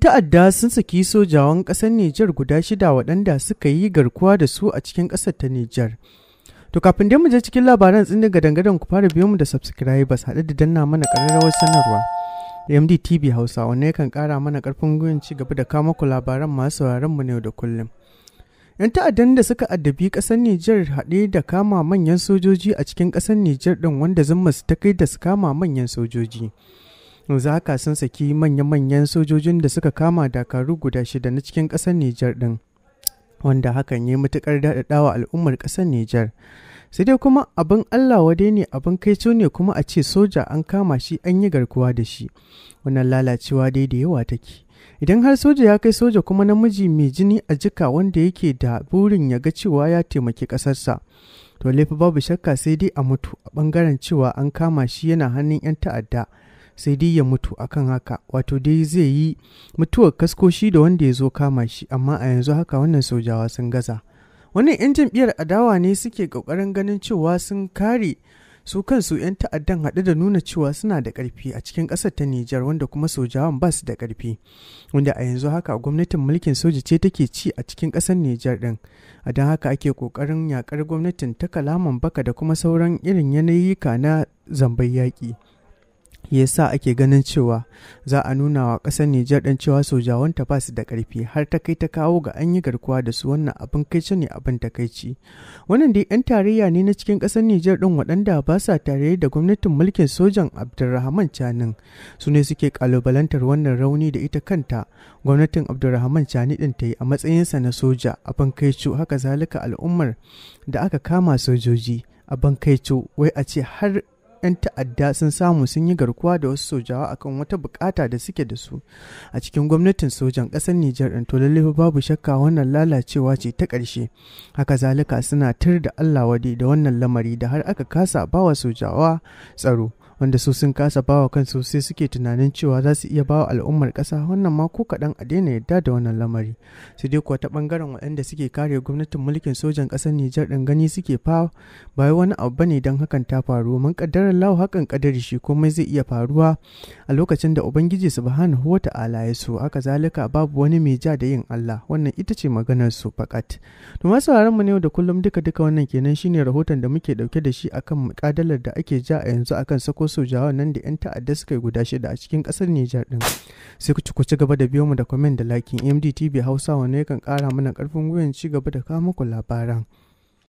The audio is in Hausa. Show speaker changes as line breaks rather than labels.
ta'adda sun saki sojawan ƙasar Nijar guda shida waɗanda suka yi garkuwa da su a cikin ƙasar ta Nijar. To kafin dai mu je cikin labaran tsin ga dangadan ku fara biyo mu da subscribers haɗe da danna mana ƙararrawar sanarwa. MD TV Hausa wanne kan ƙara mana ƙarfin gwiwar ci gaba da kawo ku labaran masu sauraron mu ne da kullum. 'Yan ta'addan da suka addabi ƙasar Nijar haɗe da kama manyan sojoji a cikin ƙasar Nijar ɗin wanda zumma su ta kai da su kama manyan sojoji. zaka haka sun saki manya-manyan sojojin da suka kama dakaru guda shida na cikin ƙasar Nijar ɗin, wanda hakan ya matuƙar daɗaɗawa al'ummar ƙasar Nijar. Sai dai kuma abin Allah wade ne abin kaico ne kuma a ce soja an kama shi an yi garkuwa da shi, wannan lalacewa dai da yawa take. Idan har soja ya kai soja kuma namiji mai jini a jika wanda yake da burin ya ga cewa ya taimaki ƙasarsa. To laifi babu shakka sai dai a mutu a ɓangaren cewa an kama shi yana hannun 'yan ta'adda. sai dai ya mutu akan haka wato dai zai yi mutuwar kaskoshi da wanda ya zo kama shi amma a yanzu haka wannan sojawa sun gaza wannan 'yan jam'iyyar adawa ne suke kokarin ganin cewa sun kare su kansu 'yan ta'addan haɗu da nuna cewa suna da karfi a cikin ƙasar ta Nijar wanda kuma sojawan ba su da karfi. wanda a yanzu haka gwamnatin mulkin soja ce take ci a cikin ƙasar Nijar din a don haka ake ƙoƙarin yaƙar gwamnatin ta kalaman baka da kuma sauran irin yanayi na zambai yaƙi. ya sa ake ganin cewa za a nuna wa ƙasar Nijar ɗan cewa sojawanta ba su da ƙarfi har ta kai ta kawo ga an yi garkuwa da su wannan abin kai ne abin takaici. Wannan dai 'yan tarayya ne na cikin ƙasar Nijar ɗin waɗanda ba sa tare da gwamnatin mulkin sojan Abdulrahman Canin su ne suke ƙalubalantar wannan rauni da ita kanta gwamnatin Abdulrahman Cani ɗin ta yi a matsayinsa na soja abin kai haka zalika al'ummar da aka kama sojoji abin kai wai a ce har 'yan ta'adda sun samu sun yi garkuwa da wasu sojawa akan wata bukata da suke da su a cikin gwamnatin sojan ƙasar Nijar ɗin to babu shakka wannan lalacewa ce ta ƙarshe haka zalika suna tir da Allah wadi da wannan lamari da har aka kasa bawa sojawa tsaro wanda su sun kasa bawa kansu sai suke tunanin cewa za su iya bawa al'ummar ƙasa wannan ma ko kaɗan a daina yarda da wannan lamari su dai kuwa ta ɓangaren waɗanda suke kare gwamnatin mulkin sojan ƙasar Nijar ɗin gani suke fa ba wani abu bane don hakan ta faru mun ƙaddarar lawa hakan ƙadari shi komai zai iya faruwa a lokacin da ubangiji subhanahu hana hota ya so haka zalika babu wani mai ja da yin Allah wannan ita ce maganar su fakat to ma sauraron mu ne da kullum duka duka wannan kenan shine rahoton da muke dauke da shi akan mukadalar da ake ja a yanzu akan sako sojawa nan da 'yan ta'adda suka yi guda shida a cikin kasar Nijar din. Sai ku ci ku ci gaba da biyo mu da comment da lakin MDTV Hausa wanda yakan kara mana karfin gwiwa ci gaba da kawo muku labaran.